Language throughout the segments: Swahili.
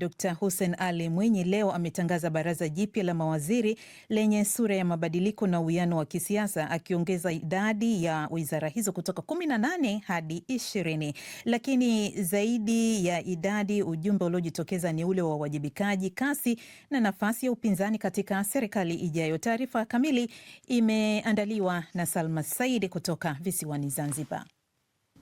Dkt. Hussein Ali Mwinyi leo ametangaza baraza jipya la mawaziri lenye sura ya mabadiliko na uwiano wa kisiasa akiongeza idadi ya wizara hizo kutoka 18 hadi 20. Lakini zaidi ya idadi, ujumbe uliojitokeza ni ule wa uwajibikaji, kasi na nafasi ya upinzani katika serikali ijayo. Taarifa kamili imeandaliwa na Salma Said kutoka visiwani Zanzibar.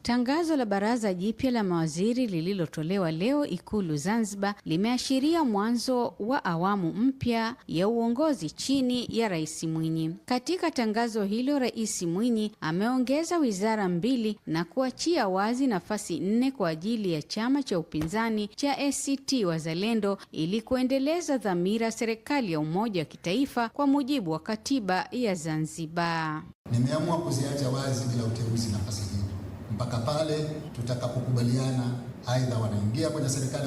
Tangazo la baraza jipya la mawaziri lililotolewa leo Ikulu Zanzibar limeashiria mwanzo wa awamu mpya ya uongozi chini ya Rais Mwinyi. Katika tangazo hilo, Rais Mwinyi ameongeza wizara mbili na kuachia wazi nafasi nne kwa ajili ya chama cha upinzani cha ACT Wazalendo ili kuendeleza dhamira serikali ya umoja wa kitaifa kwa mujibu wa katiba ya Zanzibar. Nimeamua kuziacha wazi bila uteuzi nafasi hii mpaka pale tutakapokubaliana aidha wanaingia kwenye serikali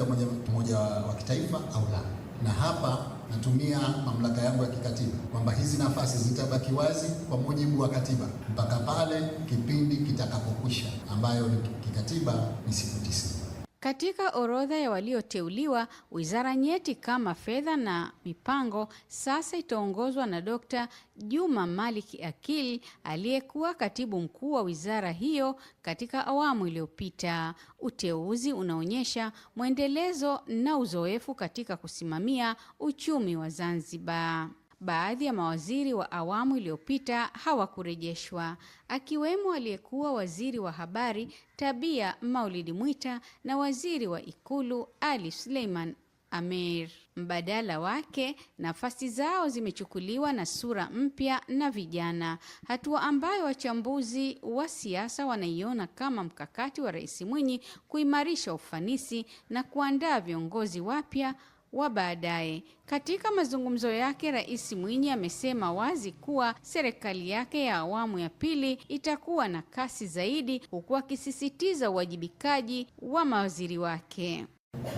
umoja wa kitaifa au la. Na hapa natumia mamlaka yangu ya kikatiba kwamba hizi nafasi zitabaki wazi kwa mujibu wa katiba mpaka pale kipindi kitakapokwisha, ambayo kikatiba ni siku tisini. Katika orodha ya walioteuliwa, wizara nyeti kama fedha na mipango sasa itaongozwa na Dkt. Juma Malik Akil aliyekuwa katibu mkuu wa wizara hiyo katika awamu iliyopita. Uteuzi unaonyesha mwendelezo na uzoefu katika kusimamia uchumi wa Zanzibar baadhi ya mawaziri wa awamu iliyopita hawakurejeshwa, akiwemo aliyekuwa waziri wa habari Tabia Maulidi Mwita na waziri wa Ikulu Ali Suleiman Amer. Mbadala wake, nafasi zao zimechukuliwa na sura mpya na vijana, hatua ambayo wachambuzi wa siasa wanaiona kama mkakati wa Rais Mwinyi kuimarisha ufanisi na kuandaa viongozi wapya wa baadaye. Katika mazungumzo yake, Rais Mwinyi amesema wazi kuwa serikali yake ya awamu ya pili itakuwa na kasi zaidi, huku akisisitiza uwajibikaji wa mawaziri wake.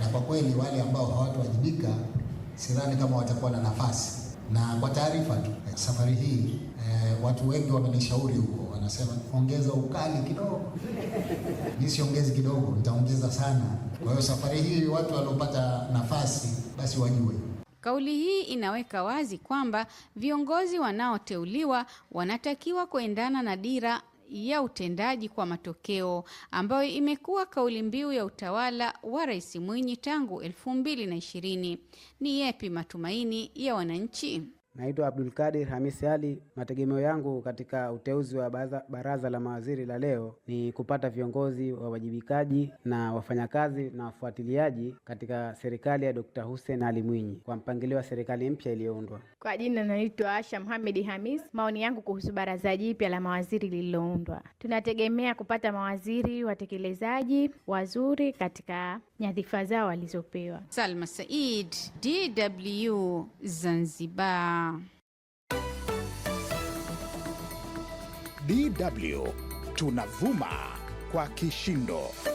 Na kwa kweli wale ambao hawatawajibika sidhani kama watakuwa na nafasi na kwa taarifa tu, eh, safari hii eh, watu wengi wamenishauri huko, wanasema ongeza ukali kidogo. Mimi siongezi kidogo, nitaongeza sana. Kwa hiyo safari hii watu waliopata nafasi basi wajue. Kauli hii inaweka wazi kwamba viongozi wanaoteuliwa wanatakiwa kuendana na dira ya utendaji kwa matokeo ambayo imekuwa kauli mbiu ya utawala wa Rais Mwinyi tangu elfu mbili na ishirini. Ni yepi matumaini ya wananchi? Naitwa abdul kadir Hamisi Ali. Mategemeo yangu katika uteuzi wa baza, baraza la mawaziri la leo ni kupata viongozi wa wajibikaji na wafanyakazi na wafuatiliaji katika serikali ya dr Hussein Ali Mwinyi kwa mpangilio wa serikali mpya iliyoundwa. Kwa jina naitwa Asha Muhamedi Hamis. Maoni yangu kuhusu baraza jipya la mawaziri lililoundwa, tunategemea kupata mawaziri watekelezaji wazuri katika nyadhifa zao walizopewa. Salma Said, DW Zanzibar. DW tunavuma kwa kishindo.